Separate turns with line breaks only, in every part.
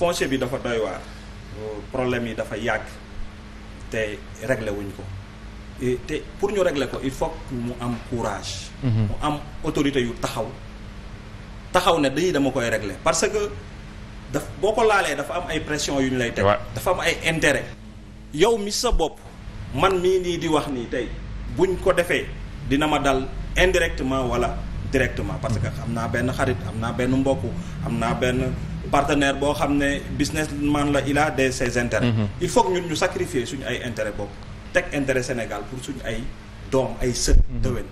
foncier bi dafa doy waar problème yi dafa yàgg te réglé wuñ ko te pour ñu régle ko il faut mu am courage mhm. mu am autorité yu taxaw taxaw ne dañuy dama koy régle parce que daf boo ko laalee dafa am ay pression yu ñu lay teg dafa am ay intérêt yow mi sa bopp man mii nii di wax nii tey buñ ko defee dina ma dal indirectement wala directement parce que mhm. am naa benn xarit am naa benn mbokk am naa benn partenaire boo xam ne business businessman la il a des ses intérêts. Mm-hmm. il faut ñun ñu sacrifier suñu ay intérêt bopp teg intérêt Sénégal pour suñu ay doom ay sët. Mm-hmm. dëwén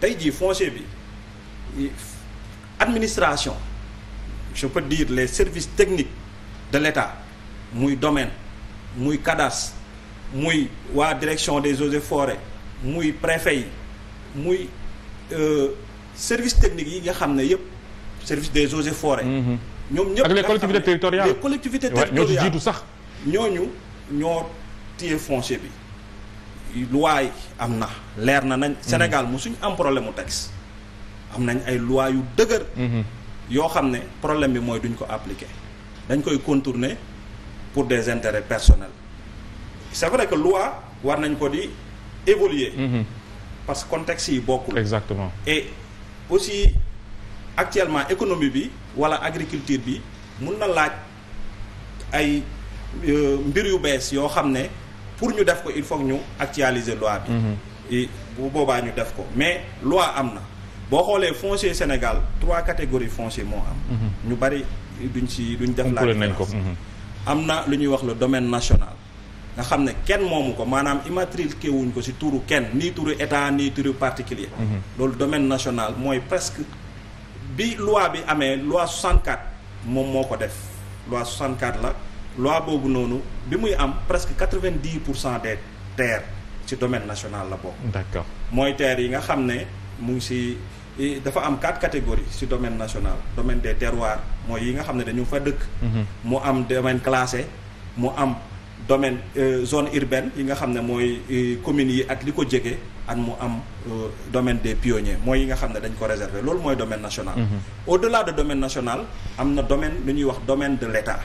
tey jii foncier bi administration je peux dire les services techniques de l'État muy domaine muy cadastre muy waa direction des eaux et forêts muy préfet yi muy euh, service technique yi nga xam ne yëpp service des eaux et forêts. Mm-hmm. ñoom ñëpp ak les collectivités territoriales les collectivités territoriales ñoo ci jiitu sax. ñooñu ñoo téye foncier bi. loi yi am na leer na nañ. Mm-hmm. Sénégal mosuñ am problème mu texte. am nañ ay loi yu dëgër. Mm-hmm. yoo xam ne problème bi mooy duñ ko appliquer. dañ koy contourner pour des intérêts personnels. c'est vrai que loi war nañ ko di évoluer. Mm-hmm. parce que contexte yi bokkul. exactement et aussi actuellement économie bi. wala agriculture bi mun na laaj ay euh, mbir yu bees yoo xam ne pour ñu def ko il faut ñu actualiser loi bi mhm. bu boobaa ñu def ko mais loi am na boo xoolee foncier Sénégal trois catégories foncier moo am mhm. ñu bari duñ si duñ def la mhm. am na lu ñuy wax le domaine national nga xam ne kenn moomu ko maanaam immatriculé wuñ ko si turu kenn nii turu état nii turu particulier loolu domaine national mooy presque bi loi bi amee loi 64 moom moo ko def loi 64 la loi boobu noonu bi muy am presque 90 pour cent des terres ci domaine national la bokk. d'accord mooy terres yi nga xam ne mu ngi si dafa am quatre catégories si domaine national domaine des terroirs mooy yi nga xam ne dañu fa dëkk. Mhm. mu am domaine classé mu am domaine euh, zone urbaine yi nga xam ne mooy communes yi ak li ko jege. ak mu am euh, domaine des pionniers mooy yi nga xam ne dañ ko réserver loolu mooy domaine national. Mm-hmm. au de domaine national am na domaine lu ñuy wax domaine de l'État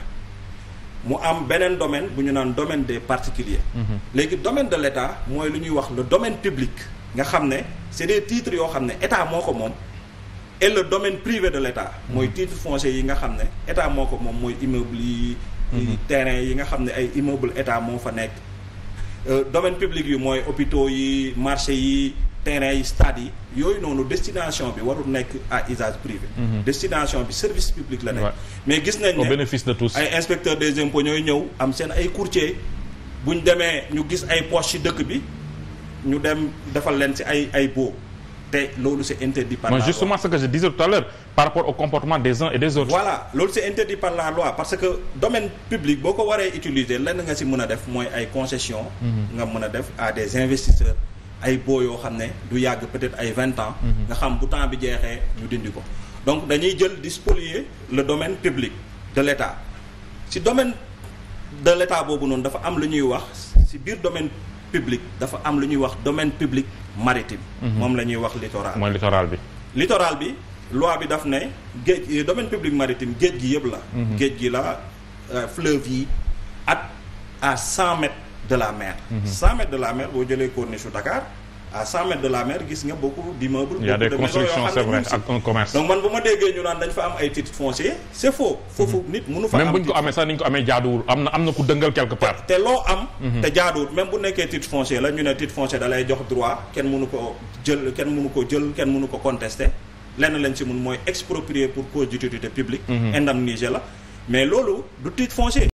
mu am beneen domaine bu ñu naan domaine des particuliers. Mm-hmm. léegi domaine de l'État mooy lu ñuy wax le domaine piblique nga xam ne c'est des titres yoo xam ne état moo ko moom et le domaine privé de l'état mm-hmm. mooy titre foncier yi nga xam ne état moo ko moom mooy immeuble yi. terrain yi nga xam ne ay immeuble état moo fa nekk. Euh, domaine public yi mooy hôpitaux yi marché yi terrain yi stade yi yooyu noonu destination bi warul nekk à usage privé. Mhm. destination bi service public la nekk. mais gis nañ ne au bénéfice de ay inspecteurs des impôts ñooy ñëw am seen ay courtier bu ñu demee ñu gis ay poches ci dëkk bi ñu dem defal leen ci ay ay boobu. te loolu c'est interdit par la loi. justement ce par rapport au comportement des uns et des autres. voilà loolu c'est parce que domaine public boo ko waree utiliser lenn nga si mën a def mooy ay concessions. Mhm. nga mën a def à des investisseurs ay boo yoo xam ne du yàgg peut-être ay vingt ans. Mhm. nga xam bu temps bi jeexee ñu dindi ko donc dañuy jël di spolier le domaine public de l'État ci domaine de l'État boobu noonu dafa am lu ñuy wax ci biir domaine. publique dafa am lu ñuy wax domaine public maritime. Mhm. moom la ñuy wax littoral. mooy littoral bi. littoral bi loi bi daf ne géej domaine public maritime géej gi yëpp la. Mhm. géej gi la euh, fleuve yi ak à cent de la mer. Mhm. cent de la mer boo jëlee corniche u Dakar. à 100 mètres de la mer gis nga beaucoup d'immeubles. beaucoup de maisons yoo ak un commerce. donc man bu ma déggee ñu naan dañ fa am ay titres fonciers c'est faux. foofu mhm. nit mënu fa am même bu na am na ku dëngal mhm. bu nekkee titre foncier la ñu ne titre foncier da lay jox droit kenn mënu ko jël kenn mënu ko jël kenn mënu ko contester lenn lañ ci mun mooy exproprier pour cause d'utilité publique. Mhm. indemniser la mais loolu du titre foncier.